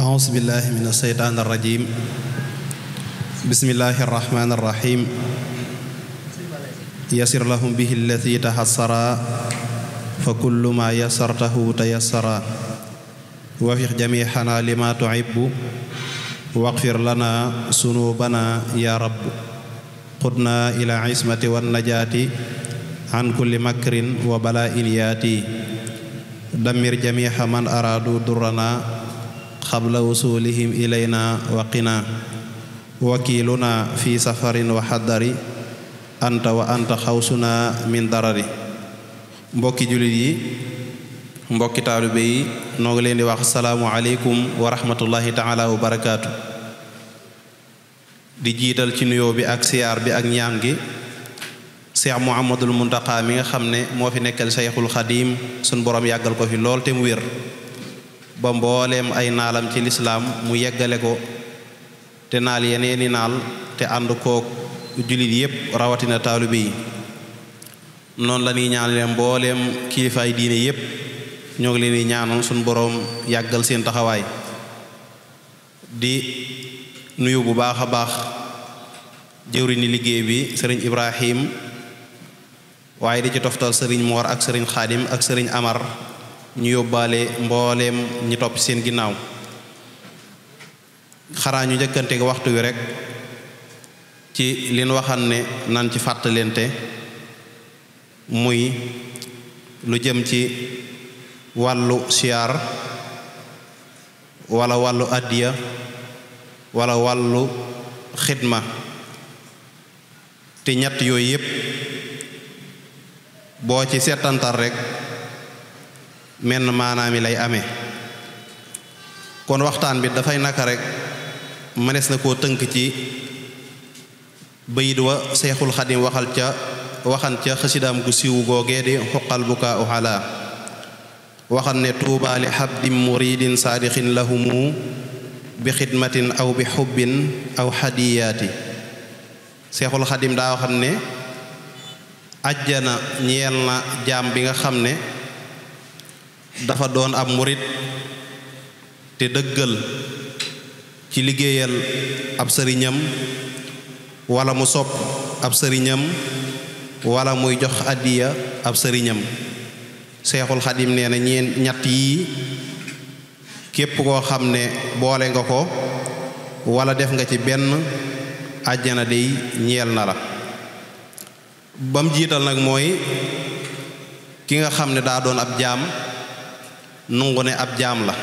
أعوذ بالله من الشيطان الرجيم بسم الله الرحمن الرحيم يسر لهم به الذي تحسرا فكل ما يسرته تيسرا وفق جميعنا لما تعب واغفر لنا ذنوبنا يا رب قدنا إلى عصمة والنجاة عن كل مكر وبلاء ياتي دمر جميع من أرادوا درنا xabla wusulihim ilayna wa qina wakiiluna fi safarin wa xaddari anta wa anta xawsuna min darari mbokki jullit yi mbokki bi yi noo leen di wax salaamu aleykum wa rahmatullahi taala wa barakaatu di jiital ci nuyoo bi ak siyaar bi ak ñaan gi Cheikh Muhammadul Muntaqa mi nga xam ne moo fi nekkal Cheikhul Xadim sun borom yàggal ko fi lool te mu wér ba mbooleem ay naalam ci lislaam mu yeggale ko te naal yeneeni naal te ànd kook jullit yépp rawatina taalibe yi noonu la ñuy mbooleem kilifaay diine yépp ñoo ngi leen di ñaanal suñu boroom yàggal seen taxawaay di nuyu bu baax a baax jëwriñu liggéey bi sëriñ Ibrahim waaye di ci toftal sëriñ Moor ak sëriñ Xaadim ak sëriñ Amar ñu yóbbaale mbooleem ñu topp seen ginnaaw xanaa ñu njëkkante ak waxtu wi rekk ci leen waxan ne nan ci fàttalente muy lu jëm ci wàllu siyaar walla wàllu àddiya wala wàllu xidma te ñett yooyu yépp boo ci seetantal rekk menn maanaam yi lay ame kon waxtaan bi dafay naka rek mënees na koo tënk ci bayit wa seexul xadim waxal ca waxan ca xasidaam gu siiw googee di xuqal bukaa u xalaa waxan ne tuubaali xabdin muridin saadixin lahumu bi xidmatin aw bi xubbin aw xadiyaati seexul xadim daa waxam ne ajjana ñeel na jaam bi nga xam ne dafa doon ab murit te dëggal ci liggéeyal ab sëriñam walla mu sopp ab sëriñam walla muy jox àddiya ab sëriñam seexul xadim nee ñeen ñett yi képp koo xam ne boole nga ko wala def nga ci benn àjjana dey ñeel na la bam jiital nag mooy ki nga xam ne daa doon ab jaam nungu ne ab jaam la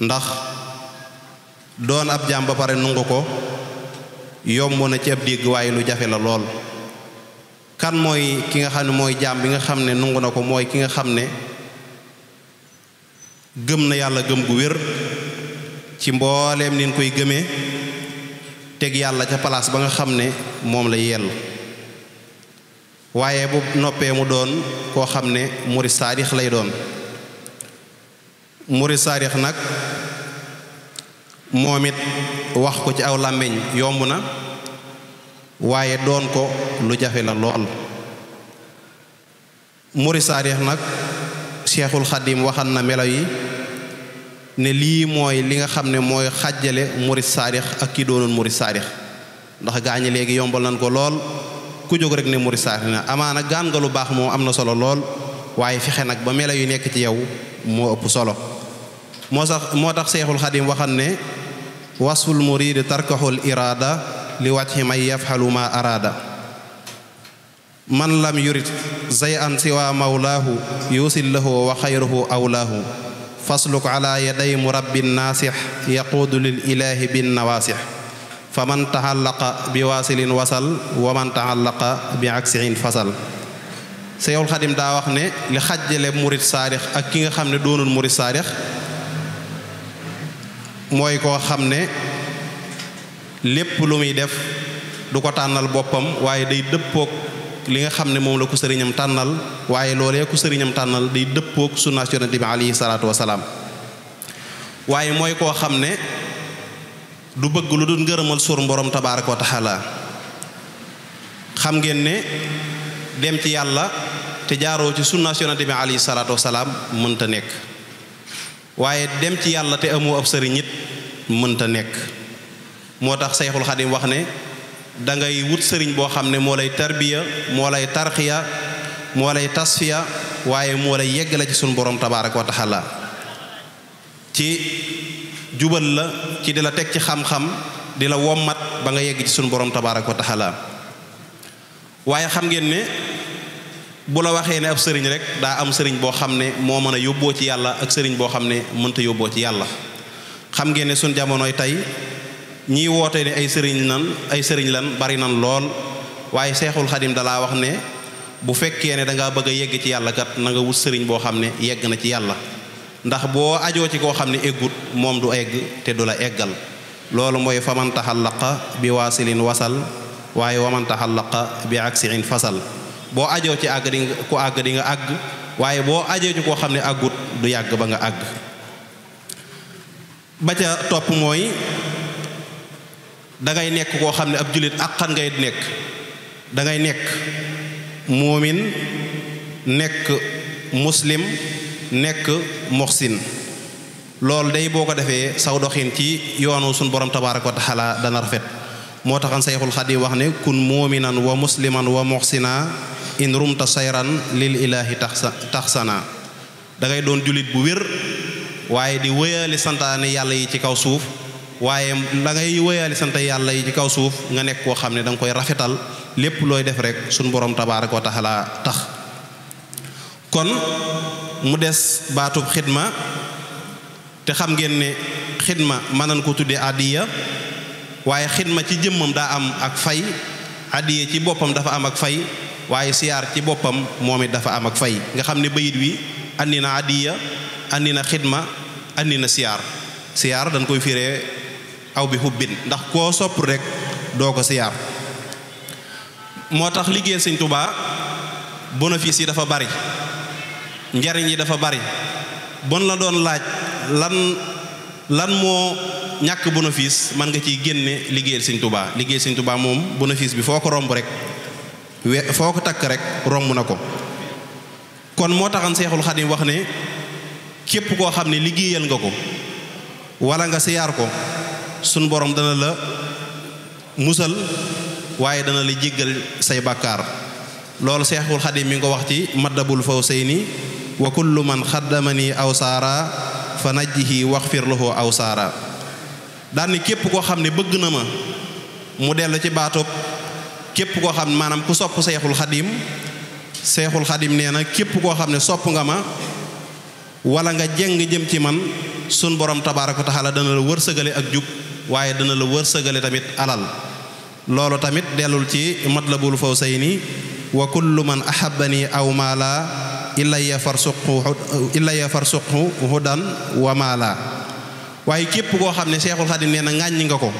ndax doon ab jaam ba pare nungu ko yomb na ci ab dégg waaye lu jafe la lool kan mooy ki nga xam ne mooy jaam bi nga xam ne nungu na ko mooy ki nga xam ne gëm na yàlla gëm gu wér ci mbooleem nin koy gëmee teg yàlla ca palaas ba nga xam ne moom la yell waaye bu noppee mu doon koo xam ne murid saadix lay doon muri saadix nag moom it wax ko ci aw làmmiñ yomb na waaye doon ko lu jafe la lool murid saadix nag Seexul Xadim waxan na melo yi ne lii mooy li nga xam ne mooy xàjjale murid saadix ak ki doonoon muri saadix ndax gaañi léegi yombal nañ ko lool ku jóg rek ne murid saati na amaana gaan baax moo am na solo lool waaye fexe nag ba mela yu nekk ci yow moo ëpp solo moo tax seexul xadim waxan ne wasful murid tarkaxul iraada li wajhi may yafxalu ma araada man lam yurid zay siwa mawlaahu yusil lahu wa xayruhu awlaahu fasluk ala yaday murabbi naasix yaquudu lil ilaahi bin nawaasix fa man taxallaqa bi waasilin wasal wa man taxallaqa bi aksiin fasal Seexul Xadim daa wax ne li xajjale murit saadix ak ki nga xam ne doonul murit saadix mooy koo xam ne lépp lu muy def du ko tànnal boppam waaye day dëppook li nga xam ne moom la ko sëriñam tànnal waaye loole ku sëriñam tànnal day dëppook sunna yonent bi waaye mooy koo xam ne du bëgg lu dul ngërëmal suur mborom tabaaraka wa taala xam ngeen ne dem ci yàlla te jaaroo ci sunna yonent bi alayhi salaatu wasalaam mënta nekk waaye dem ci yàlla te amoo ab sëriñ it mënta nekk moo tax Sayxul Xadim wax ne da ngay wut sëriñ boo xam ne moo lay tarbiya moo lay tarxiya moo lay tasfiya waaye moo yegg yeggale ci sunu borom tabaaraka wa taala ci jubal la ci di la teg ci xam-xam di la wommat ba nga yegg ci sunu borom tabaaraka wa taala waaye xam ngeen ne bu la waxee ne ab sëriñ rek daa am sëriñ boo xam ne moo mën a yóbboo ci yàlla ak sëriñ boo xam ne mënta yóbboo ci yàlla xam ngeen ne sunu jamonoy tey ñiy woote ne ay sëriñ nan ay sëriñ lan bari nan lool waaye seexul xadim dalaa wax ne bu fekkee ne dangaa bëgg a yegg ci yàlla kat na nga wut sëriñ boo xam ne yegg na ci yàlla ndax boo ajoo ci koo xam ne eggut moom du egg te du la eggal loolu mooy famantaxal taxallaqa bi waasilin wasal waaye waman taxallaqa bi ak aksiin fasal boo ajoo ci àgg di ku àgg di nga àgg waaye boo ajoo ci koo xam ne àggut du yàgg ba nga àgg ba ca topp mooy dangay nekk koo xam ne ab jullit àqan ngay nekk dangay nekk muumin nekk muslim nekk muxsin loolu day boo ko defee saw doxin ci yoonu suñu borom tabaaraka wa taala dana rafet moo taxan sayxul xadim wax ne kun muminan wa musliman wa muxsina in rumta sayran lil ilaahi tax taxsana da dangay doon jullit bu wér waaye di wëyaali santaane yàlla yi ci kaw suuf waaye da ngay wëyaali sant yàlla yi ci kaw suuf nga nekk koo xam ne danga koy rafetal lépp looy def rek suñu borom tabaaraka wa taala tax kon mu des baatub xidma te xam ngeen ne xidma mën nañ ko tuddee àddiya waaye xidma ci jëmmam daa am ak fay addiya ci boppam dafa am ak fay waaye siyaar ci boppam moom it dafa am ak fay nga xam ne bayit wi andi na addiya na xidma andi na siyaar siyaar dañ koy fiire aw bi xubbin ndax koo sopp rekk doo ko siyaar moo tax liggéey sëñ Tuubaa bénéfice yi dafa bari njariñ yi dafa bari bon la doon laaj lan lan moo ñàkk bénéfice man nga ciy génne liggéeyal sëñ Tuubaa liggéeyal sëñ Tuubaa moom bénéfice bi foo ko romb rek we foo ko takk rek romb na ko kon moo taxan Seexul Xadim wax ne képp koo xam ne liggéeyal nga ko walla nga siyaar ko suñ borom dana la musal waaye dana la jéggal say bàkkaar loolu seexul xadim mi ngi ko wax ci maddabul nii wa kullu man xaddamani aw saara fa najjihi waxfir lahu aw saara daan ni képp koo xam ne bëgg na ma mu dellu ci baatub képp koo xam ne maanaam ku sopp seexul xadim seexul xadim nee na képp koo xam ne sopp nga ma wala nga jeng jëm ci man sun borom tabaaraka wa taala dana la wër wërsëgale ak jub waaye dana la wër wërsëgale tamit alal loolu tamit dellul ci say nii wa kullu man ahabbani aw maala ilaya farsuqu ilaya farsuqu hudan wa maala waaye képp koo xam ne seexul xadim nee na ŋàññi nga ko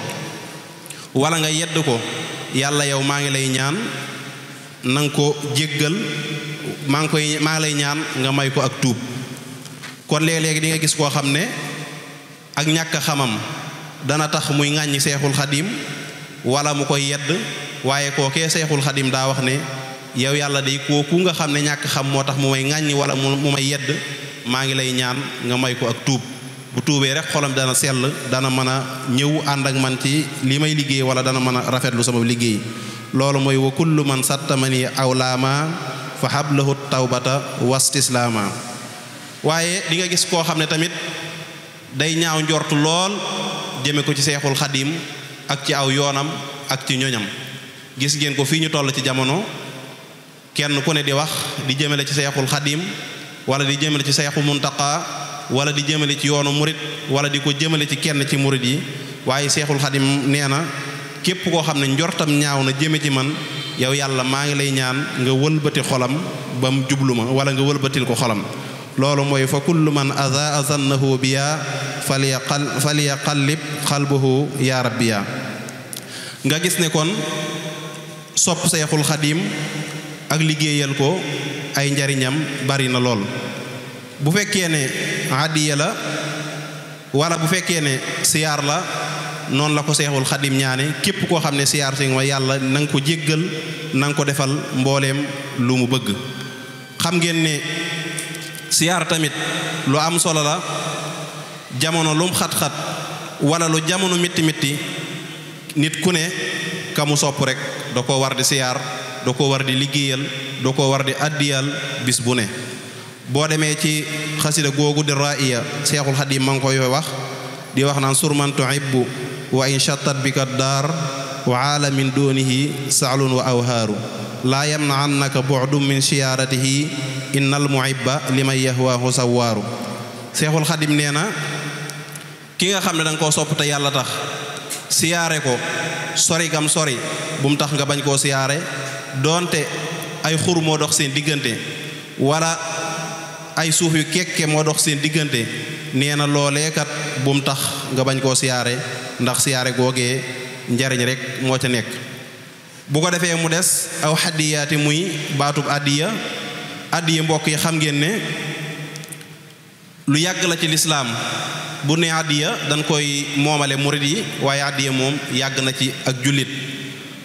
wala nga yedd ko yàlla yow maa ngi lay ñaan na ko jéggal maa ngi koy maa lay ñaan nga may ko ak tuub kon léeg-léeg di nga gis koo xam ne ak ñàkk xamam dana tax muy ngàññ seexul xadim wala mu koy yedd waaye kookee seexul xadim daa wax ne yow yàlla day kooku nga xam ne ñàkk xam moo tax mu may ŋàññi wala mu may yedd maa ngi lay ñaan nga may ko ak tuub bu tuubee rek xolam dana sell dana mën a ñëw ànd ak man ci li may liggéey wala dana mën a rafetlu sama liggéey loolu mooy wa kullu man sattamani awlaama fa hablahu tawbata wastislaama waaye li nga gis koo xam ne tamit day ñaaw njortu lool jëme ko ci seexul xadim ak ci aw yoonam ak ci ñoñam gis ngeen ko fii ñu toll ci jamono kenn ku ne di wax di jëmale ci seexul xadim wala di jëmale ci seexu muntaqa wala di jëmale ci yoonu murit wala di ko jëmale ci kenn ci murit yi waaye seexul xadim nee na képp koo xam ne njortam ñaaw na jëme ci man yow yàlla maa ngi lay ñaan nga wëlbati xolam ba mu jublu ma wala nga wëlbatil ko xolam loolu mooy fa kullu man adaa zannahu biya falyaqallib xalbuhu ya rabbiya nga gis ne kon sopp seexul xadim ak liggéeyal ko ay njariñam bari na lool bu fekkee ne hadiya la wala bu fekkee ne siyaar la noonu la ko seexul xadim ñaane képp koo xam ne siyaar si ma yàlla nanga nga ko jéggal na ko defal mbooleem lu mu bëgg xam ngeen ne siyaar tamit lu am solo la jamono lum xat-xat wala lu jamono mitti mitti nit ku ne kamu sopp rek da ko war di siyaar da ko war di liggéeyal da ko war di addiyal bis bu ne boo demee ci xasida googu di raiya seexul xadim ma ngi koy wax di wax naan surman tuhibbu wa in chattat bika daar wa aala min dunihi saalun wa awhaaru laa yamnaannaka bu'dun min siyaaratihi innal muhibba liman yahwaahu sawaaru seexul xadim nee na ki nga xam ne danga ko sopp te yàlla tax siyaare ko sori gam sori bu mu tax nga bañ koo siyaare doonte ay xur moo dox seen diggante wala ay suuf yu kekke moo dox seen diggante nee na looleekat bu mu tax nga bañ koo siyaare ndax siyaare googee njariñ rekk moo ca nekk bu ko defee mu des aw xaddiyaati muy baatub àddiya addiya mbokk yi xam ngeen ne lu yàgg la ci lislaam bu ne àddiya dañ koy moomale murit yi waaye addiya moom yàgg na ci ak jullit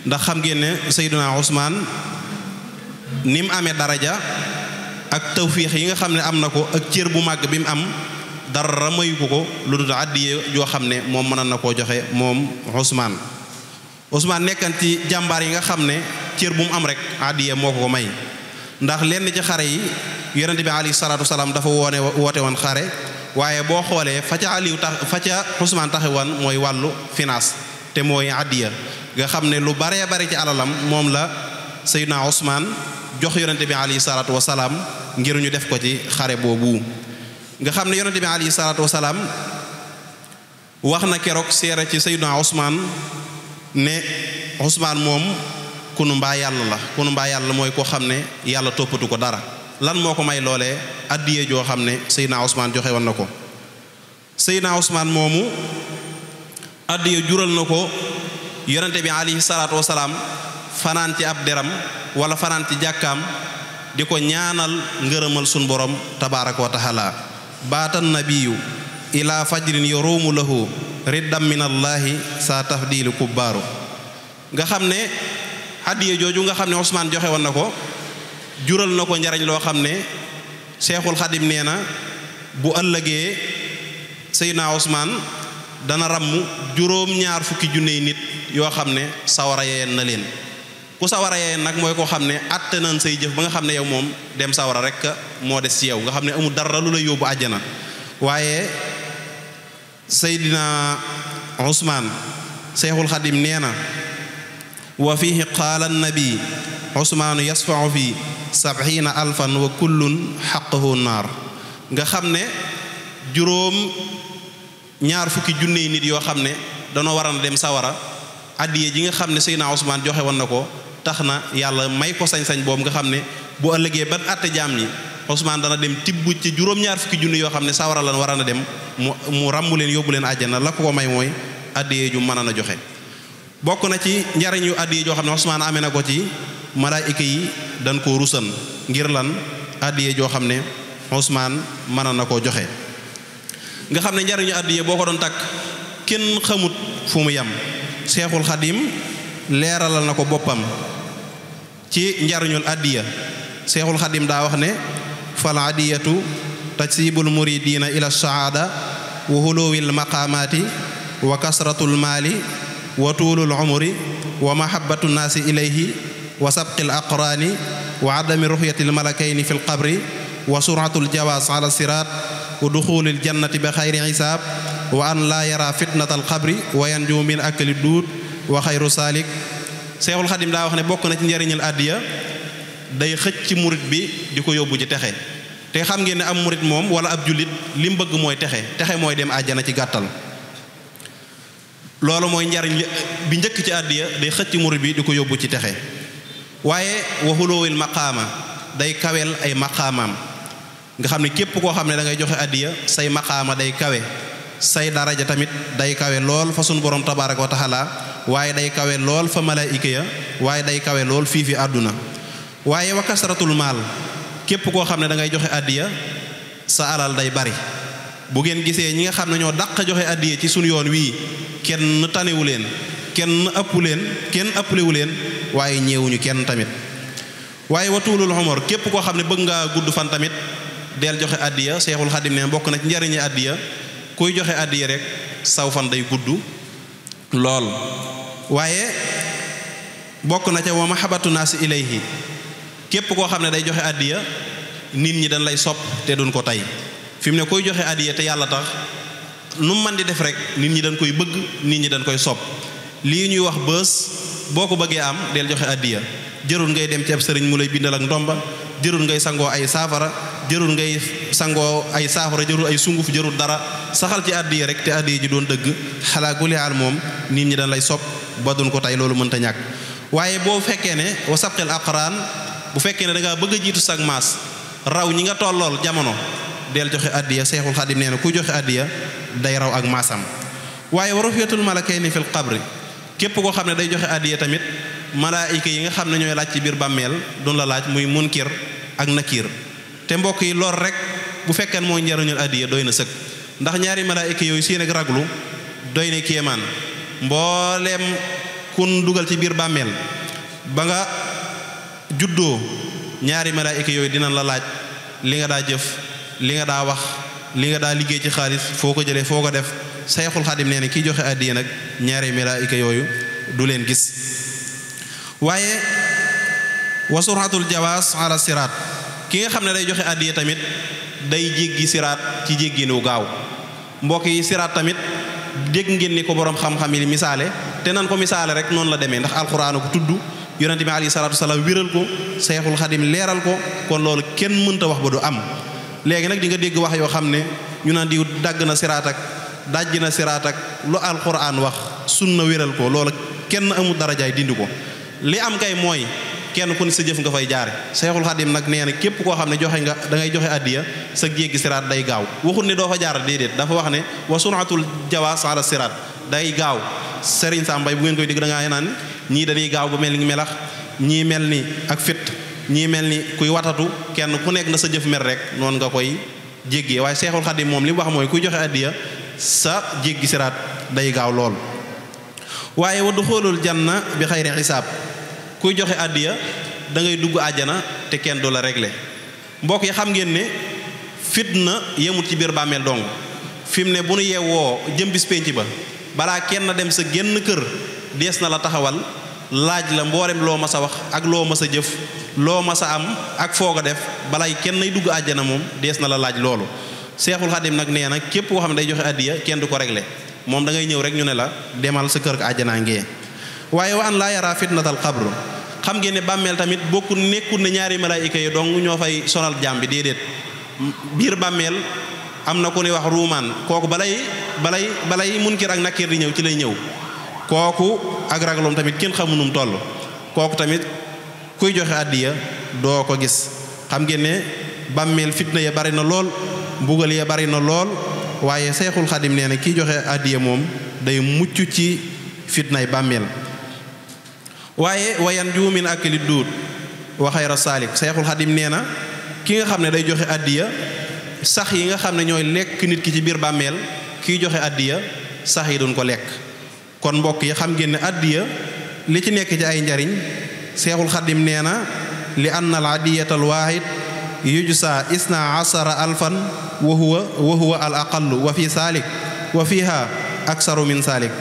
ndax xam ngeen ne Seydina Ousmane ni mu amee daraja ak tawfiix yi nga xam ne am na ko ak cër bu màgg bi mu am dara mayu ko lu dul àddiye joo xam ne moom mënoon na koo joxe moom Ousmane Ousmane nekkan ci jàmbaar yi nga xam ne cër bu mu am rek àddiye moo ko ko may ndax lenn ci xare yi yonente bi alayhi salaatu salaam dafa woone woote woon xare waaye boo xoolee fa ca Aliou tax fa ca Ousmane taxe mooy wàllu finance te mooy addiya nga xam ne lu baree bare ci alalam moom la Seydina Usmaan jox yonente bi alayhi salaatu salaam ngir ñu def ko ci xare boobu nga xam ne yonente bi alayhi salaatu salaam wax na keroog seere ci Seydina Usmaan ne Usmaan moom kunu mbaa yàlla la kunu mbaa yàlla mooy koo xam ne yàlla toppatu ko dara lan moo ko may loolee addiye joo xam ne Seydina Usmaan joxe woon na ko Seydina Usmaan moomu addiya jural na ko yonente bi alayhi salaatu wasalaam fanaan ci ab deram wala fanaan ci jàkkaam di ko ñaanal ngërëmal sun borom tabaaraka wa taala baatan nabiyu ila fajrin yoruumu lahu riddam minallaahi saa tafdiilu kubbaaru nga xam ne addiya jooju nga xam ne Usmaan joxe woon na ko jural na ko njariñ loo xam ne seexul xadim nee na bu ëllëgee Seydina Usmaan dana ràmm juróom-ñaar fukki junney nit yoo xam ne sawara yeyeen na leen ku sawara yeyeen nag mooy koo xam ne àtte nañ say jëf ba nga xam ne yow moom dem sawara rek moo des ci yow nga xam ne amul dara lu lay waaye Seydina Usmaan Seexul Xadim na wa fihi qaala annabi Usmaanu yasfau fi sabxiina alfan wa naar nga xam ne juróom ñaar fukki junne yi nit yoo xam ne danoo war a dem sawara addiye ji nga xam ne Seydina Usmaan joxe woon na ko tax na yàlla may ko sañ-sañ boobu nga xam ne bu ëllëgee ban àtte jaam ñi Usmaan dana dem tibb ci juróom-ñaar fukki junne yoo xam ne sawara lan war a dem mu mu leen yóbbu leen àjjana la ko ko may mooy addiye ju mën a joxe. bokk na ci njariñu addiye joo xam ne Usmaan amee na ko ci malaayika yi dañ koo rusan ngir lan addiye joo xam ne Usmaan mën na koo joxe. nga xam ne njariñu àddiya boo ko doon takk kenn xamut fu mu yem seexul xadim leeralal na ko boppam ci njariñul àddiya seexul xadim daa wax ne fal àddiyatu tajsibul muridiina ila saada wa huluwil maqaamaati wa kasratul maali wa tuulul umri wa mahabbatu naasi ilayhi wa sabqil aqraani wa adami ruxyatil malakayni wa suratul wa duxulil jannati bi xayri xisaab wa an laa yara fitnata al xabri wa yanju min akli duut wa xayru saalik seexul xadim daa wax ne bokk na ci njariñal àddiya day xëcc ci murit bi di ko yóbbu ci texe te xam ngeen ne am murit moom wala ab jullit li mu bëgg mooy texe texe mooy dem àjjana ci gàttal loolu mooy njariñ bi njëkk ci àddiya day xëcc murit bi di ko yóbbu ci texe waaye waxulowil maqaama day kawel ay maqaamaam nga xam ne képp koo xam ne dangay ngay joxe addiya say maqaama day kawe say daraja tamit day kawe lool fa sunu borom tabaaraka wa taala waaye day kawe lool fa malaayika ya waaye day kawe lool fii fi àdduna waaye wa kasratul maal képp koo xam ne da ngay joxe àddiya sa alal day bari bu ngeen gisee ñi nga xam ne ñoo daq joxe addiya ci sunu yoon wii kenn tanewu leen kenn ëpp leen kenn ëpplewu leen waaye ñeewuñu kenn tamit waaye wa tuulul képp koo tamit deel joxe addiya seexul xadim ne bokk na ci njariñi addiya kuy joxe addiya rek saw day gudd lool waaye bokk na ca wa mahabatu naasi ilayhi képp koo xam ne day joxe àddiya nit ñi dañ lay sopp te dun ko tey fi mu ne kuy joxe addiya te yàlla tax nu man di def rek nit ñi dañ koy bëgg nit ñi dañ koy sopp lii ñuy wax bës boo ko bëggee am del joxe addiya jërul ngay dem ci ab sëriñ mu lay bindal ak ndomba jërul ngay sangoo ay saafara jërul ngay sangoo ay saafara jërul ay sunguf jarul dara saxal ci àddi yi rek te àddi ji doon dëgg xalaa guli al moom nit ñi dañ lay sopp ba duñ ko tey loolu mënta ñàkk waaye boo fekkee ne wa sabqil aqraan bu fekkee ne da bëgg a jiitu sag maas raw ñi nga tollool jamono del joxe addiya seexul xadim nee na ku joxe addiya day raw ak maasam waaye wa rufiyatul malakayni fil qabri képp koo xam ne day joxe addiya tamit malaayika yi nga xam ne ñooy laaj ci biir bàmmeel duñ la laaj muy munkir ak nakiir te mbokk yi lor rek bu fekkee mooy njariñul addiya doy na sëkk ndax ñaari malaayika yooyu siin ak raglu doy na kéemaan mbooleem kun dugal ci biir bàmmeel ba nga juddoo ñaari malaayika yooyu dina la laaj li nga daa jëf li nga daa wax li nga daa liggéey ci xaalis foo ko jëlee foo ko def sayxul xadim nee na kiy joxe addiya nag ñaari malaayika yooyu du leen gis waaye wasurhatul jawaas ala siraat ki nga xam ne day joxe àddiya tamit day jéggi siraat ci jégginu gaaw mbokk yi siraat tamit dégg ngeen ni ko borom xam-xam yi misaale te nan ko misaale rek noonu la demee ndax alxuraan ko tudd yonente bi alayhi salaatu salaam wéral ko seexul xadim leeral ko kon loolu kenn mënta wax ba du am léegi nag di nga dégg wax yoo xam ne ñu naan diw dagg na siraat ak dajj na siraat ak lu alxuraan wax sunna wéral ko loolu kenn amul darajaay dindi ko li am kay mooy kenn ku ne sa jëf nga fay jaare seexul xadim nag nee na képp koo xam ne joxe nga da ngay joxe addiya sa jéggi siraat day gaaw waxul ne doo fa jaar déedéet dafa wax ne wa sunatul jawaas ala siraat day gaaw sëriñ sàmbay bu ngeen koy dégg da naan ñii dañuy gaaw ba mel ni melax ñii mel ni ak fit ñii mel ni kuy watatu kenn ku nekk na sa jëf rek noonu nga koy jéggee waaye seexul xadim moom li wax mooy kuy joxe addiya sa jéggi siraat day gaaw lool waaye bi xayri xisaab kuy joxe àddiya da ngay dugg àjjana te kenn du la regle mbokk yi xam ngeen ne fitna yemut ci biir bàmmeel dong fi mu ne bu nu yeewoo jëm bis pénc ba balaa kenn dem sa génn kër dees na la taxawal laaj la mboolem loo ma sa wax ak loo ma sa jëf loo ma sa am ak foog a def balaa kenn nay dugg àjjana moom dees na la laaj loolu seexul xadim nag nee na képp koo xam ne day joxe àddiya kenn du ko regle moom da ngay ñëw rek ñu ne la demal sa kër ak àjjanaa ngee wa xam ngeen ne bàmmeel tamit bokkul nekkul ne ñaari malaayika yi dong ñoo fay sonal jaam bi déedéet biir bàmmeel am na ko ne wax ruumaan kooku balay balay balay munkir ak nakir di ñëw ci lay ñëw kooku ak ragaloom tamit kenn xamunum toll kooku tamit kuy joxe àddiya doo ko gis xam ngeen ne bàmmeel fitna ya bari na lool mbugal ya bari na lool waaye seexul xadim nee na kiy joxe àddiya moom day mucc ci fitnaay bàmmeel waaye wayan juumin akli duut wa xayra saalik seexul xadim nee na ki nga xam ne day joxe àddiya sax yi nga xam ne ñooy lekk nit ki ci biir bàmmeel kiy joxe addiya sax yi duñ ko lekk kon mbokk yi xam ngeen ne addiya li ci nekk ci ay njariñ seexul xadim nee na li anna al adiyata al waahid yujsa isna asara alfan wa huwa wa huwa al aqallu wa fi saalik wa fiha aksaru min saalik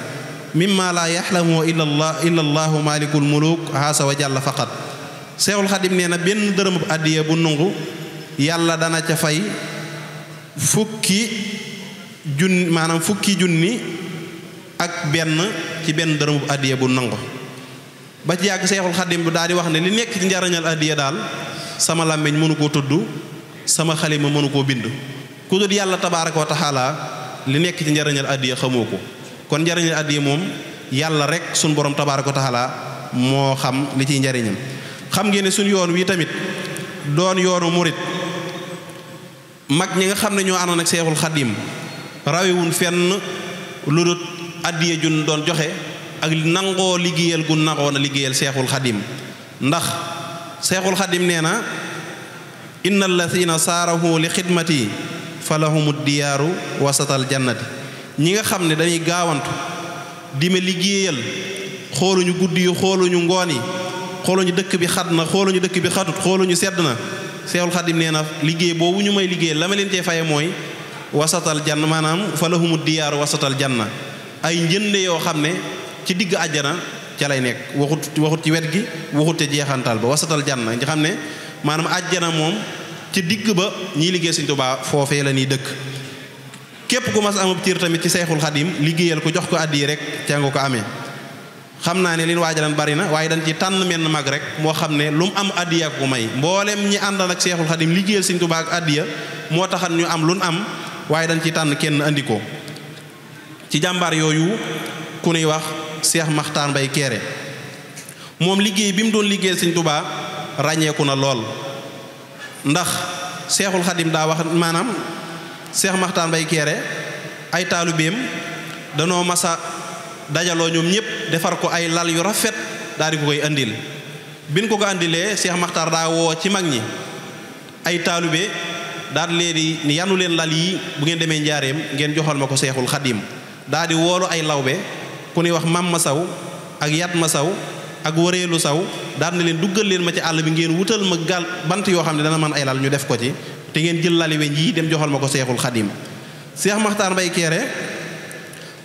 mimma laa yaxlamu illa allah illa allahu malikul muluk haasa wa jàlla seexul xadim nee na benn dërëmub àddiya bu nungu yàlla dana ca fay fukki junni maanaam fukki junni ak benn ci benn dërëm dërëmub àddiya bu nangu ba ci yàgg seexul xadim bu daal di wax ne li nekk ci njariñal àddiya daal sama làmmiñ mënu koo tudd sama xalima mënu koo bind ku yàlla tabaaraka wa li nekk ci njariñal àddiya xamoo ko kon njariñu addiya moom yàlla rek suñ boroom tabaaraka wa taala moo xam li ciy njariñam xam ngeen ne suñ yoon wi tamit doon yoonu murit mag ñi nga xam ne ñoo àndoon ak seexul xadim rawewuñ fenn lu dul addiya jun doon joxe ak nangoo liggéeyal gu nangoo na liggéeyal seexul xadim ndax seexul xadim nee na inna allathina saarahu li xidmati fa lahumu diyaaru wasatal jannati ñi nga xam ne dañuy gaawantu di ma liggéeyal xooluñu guddi yu xooluñu ngoon yi xooluñu dëkk bi xat na xooluñu dëkk bi xatut xooluñu sedd na seexul xadim nee na liggéey boobu ñu may liggéeyal la ma leen cee faye mooy wasatal jann maanaam fa lahumu diyaaru wasatal na ay njënd yoo xam ne ci digg àjjana ca lay nekk waxut waxut ci wet gi waxut te jeexantal ba wasatal janna nga xam ne maanaam àjjana moom ci digg ba ñiy liggéey Sëñ Tuubaa foofee la ñuy dëkk képp ku mas amub cër tamit ci seexul xadim liggéeyal ko jox ko addi rek ca nga ko amee xam naa ne liñ waajalan bari na waaye dañ ci tànn menn mag rek moo xam ne lu mu am addiya ko may mboolem ñi àndal ak seexul xadim liggéeyal Sëñ Tuubaa ak addiya moo taxan ñu am lu luñ am waaye dañ ci tànn kenn andi ko ci jàmbaar yooyu ku nuy wax Seex Maxtaar Mbay Keere moom liggéey bi mu doon liggéeyal Sëñ Tuubaa ràññeeku na lool ndax seexul xadim daa wax maanaam Cheikh Makhtar mbay Kéré ay taalubeem danoo masa dajaloo ñoom ñëpp defar ko ay lal yu rafet daal di ko koy andil bin ko ko indilee Cheikh Makhtar daa woo ci mag ñi ay taalube daal leen di yanu leen lal yi bu ngeen demee njaareem ngeen joxal ma ko Seexul Xadim daal di woolu ay lawbe ku ni wax maam ma saw ak yat ma saw ak wareelu saw daal na leen duggal leen ma ci àll bi ngeen wutal ma gal bant yoo xam ne dana mën ay lal ñu def ko ci te ngeen jël lali weñ yii dem joxal ma ko seexul xadim seex maxtaar mbay keere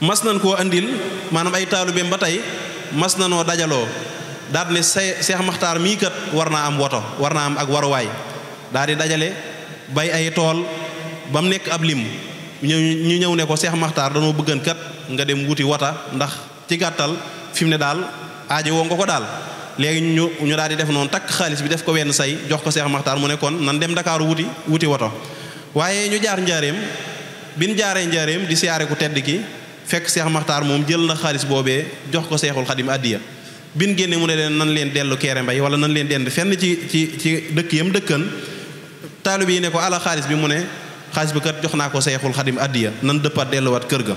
mas nan koo andil maanaam ay taalibeem ba tey mas na noo dajaloo daal ne seex maxtaar mii kat war naa am woto war naa am ak waruwaay daal di dajale bay ay tool ba mu nekk ab lim ñu ñëw ne ko seex maxtaar danoo bëggan kat nga dem wuti wota ndax ci gàttal fi mu ne daal aajo nga ko daal léegi ñu ñu daal di def noonu takk xaalis bi def ko wenn say jox ko Seex Maxtaar mu ne kon nan dem Dakar wuti wuti woto waaye ñu jaar njaareem bin jaaree njaareem di siyaare ku tedd ki fekk Seex Maxtaar moom jël na xaalis boobee jox ko Seexul Xadim addiya bin génne mu ne leen nan leen dellu keere mbay wala nan leen dend fenn ci ci ci dëkk yam dëkkan taalibe yi ne ko ala xaalis bi mu ne xaalis bi kat jox naa ko Seexul Xadim addiya nan dëppaat delluwaat kër ga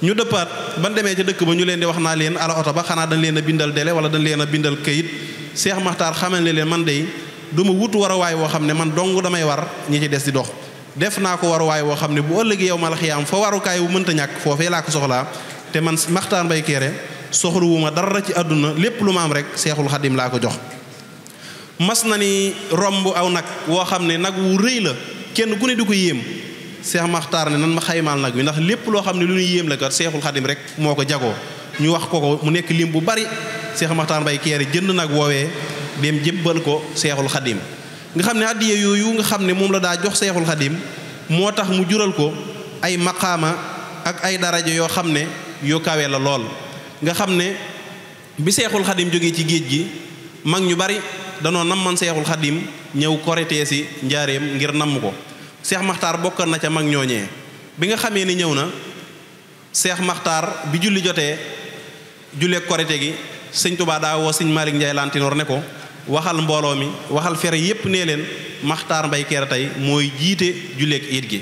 ñu dëppaat ban demee ca dëkk ba ñu leen di wax naa leen ala oto ba xanaa dañ leen a bindal délai wala dañ leen a bindal kayit Seex Maxtaar xamal leen man dey du ma wut warawaay woo xam ne man dong damay war ñi ci des di dox def naa ko waruwaay woo xam ne bu ëllëgee yow mal xiyaam fa warukaay wu mënta ñàkk foofee laa ko soxlaa te man Maxtaar Mbay Kéré soxlu ma dara ci àdduna lépp lu ma am rek Seexul Xadim laa ko jox mas na ni romb aw nag woo xam ne nag wu rëy la kenn ku ne di yéem Cheikh Makhtar ne nan ma xaymaal nag bi ndax lépp loo xam ne lu ñuy yéem la kat Cheikhul Khadim rek moo ko jago ñu wax ko ko mu nekk lim bu bari Cheikh Makhtar Mbaye Kéré jënd nag woowee dem jébbal ko Cheikhul Khadim nga xam ne addiya yooyu nga xam ne moom la daa jox Cheikhul Khadim moo tax mu jural ko ay maqaama ak ay daraja yoo xam ne yoo kawe la lool nga xam ne bi Cheikhul Khadim jóge ci géej gi mag ñu bari danoo nam man Cheikhul Khadim ñëw korétee si njaareem ngir namm ko seex maxtar bokkoon na ca mag ñooñe bi nga xamee ni ñëw na seex maxtar bi julli jotee julleeg korite gi sëñ tubaa daa woo sëñ Malick Ndiaye lantinoor ne ko waxal mbooloo mi waxal fere yépp nee leen maxtaar mbay tey mooy jiite julleeg iit gi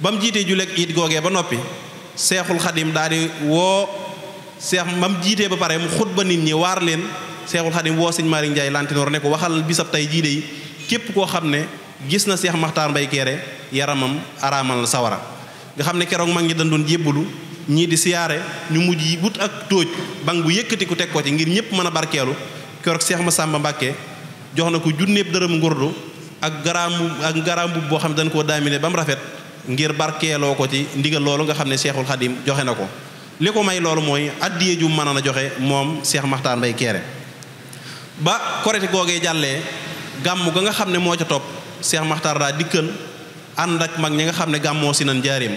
ba mu jiitee julleeg iit googee ba noppi seexul xadim daal di woo seex ba mu jiitee ba pare mu ba nit ñi waar leen seexul xadim woo sëñ Malick Ndiaye lantinoor ne ko waxal bisab tey jiite yi képp koo xam ne gis na Seex Maxtaar Mbay Kéré yaramam araamal sawara nga xam ne keroog mag ngi dañ doon jébbalu ñii di siyaare ñu mujj yi wut ak tóoj bang bu yëkkati ku teg ko ci ngir ñëpp mën a barkeelu keroog Seex Masàmba Mbàkke jox na ko junneeb dërëm ngurdu ak garaamu ak garaamu boo xam ne dañ koo daamine ba mu rafet ngir barkeeloo ko ci ndigal loolu nga xam ne Seexul Xadim joxe na ko li ko may loolu mooy addiye ju mën a joxe moom Seex Maxtaar Mbay Kéré ba korite googee jàllee gàmm ga nga xam ne moo ca topp Cheikh Makhtar daa dikkan ànd ak mag ñi nga xam ne gàmmoo si nan jaareem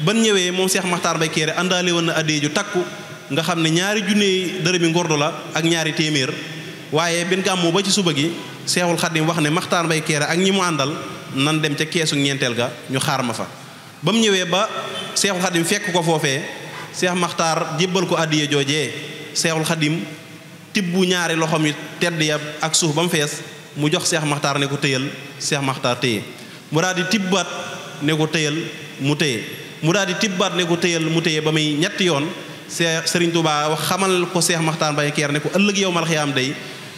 ban ñëwee moom seex maxtar bay Kéré àndaale woon na addee ju takku nga xam ne ñaari junne dërëmi ngordu la ak ñaari téeméer waaye benn gàmmoo ba ci suba gi Cheikhul Khadim wax ne Makhtar bay Kéré ak ñi mu àndal nan dem ca keesu ñeenteel ga ñu xaar ma fa ba mu ñëwee ba Cheikhul Khadim fekk ko foofe Cheikh Makhtar jébbal ko addiye jooje Cheikhul Khadim tibbu ñaari loxom yi tedd ya ak suuf ba mu fees mu jox seex maxtar ne ko téyal seex maxtaar téye mu daal di tibbaat ne ko téyal mu téye mu daal di tibbaat ne ko téyal mu téye ba muy ñetti yoon see Serigne Touba wax xamal ko seex maxtaar mbay keer ne ko ëllëg yow mal xiyaam day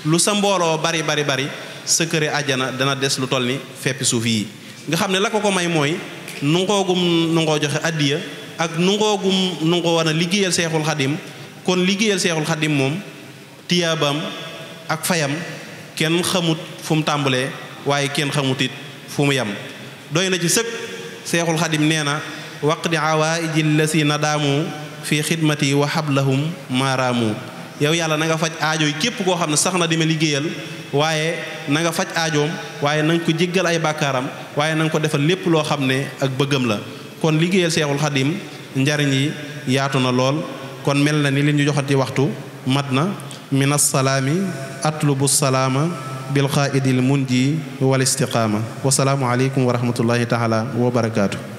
lu sa mbooloo bari bari bari sa këre àjjana dana des lu toll ni feppi suuf yi nga xam ne la ko ko may mooy nungoogum nungoo joxe addiya ak nungoogum nungoo war liggéeyal seexul xadim kon liggéeyal seexul xadim moom tiyaabaam ak fayam kenn xamut fu mu tàmbalee waaye kenn xamut it fu mu yem doy na ci sëkk seexul xadim nee na la si na daamu fi xidmati wa hablahum maaraamu yow yàlla na nga faj aajo yi képp koo xam ne sax na dima liggéeyal waaye na nga faj aajoom waaye na ko jéggal ay bàkkaaram waaye na ko defal lépp loo xam ne ak bëggam la kon liggéeyal seexul xadim njariñ yi yaatu na lool kon mel na ni li ñu joxati waxtu mat na min alsalaami atlubu salaama bilqaaidil munji wal istiqaama wasalaamu aleykum wa rahmatullahi taala wa barakaatu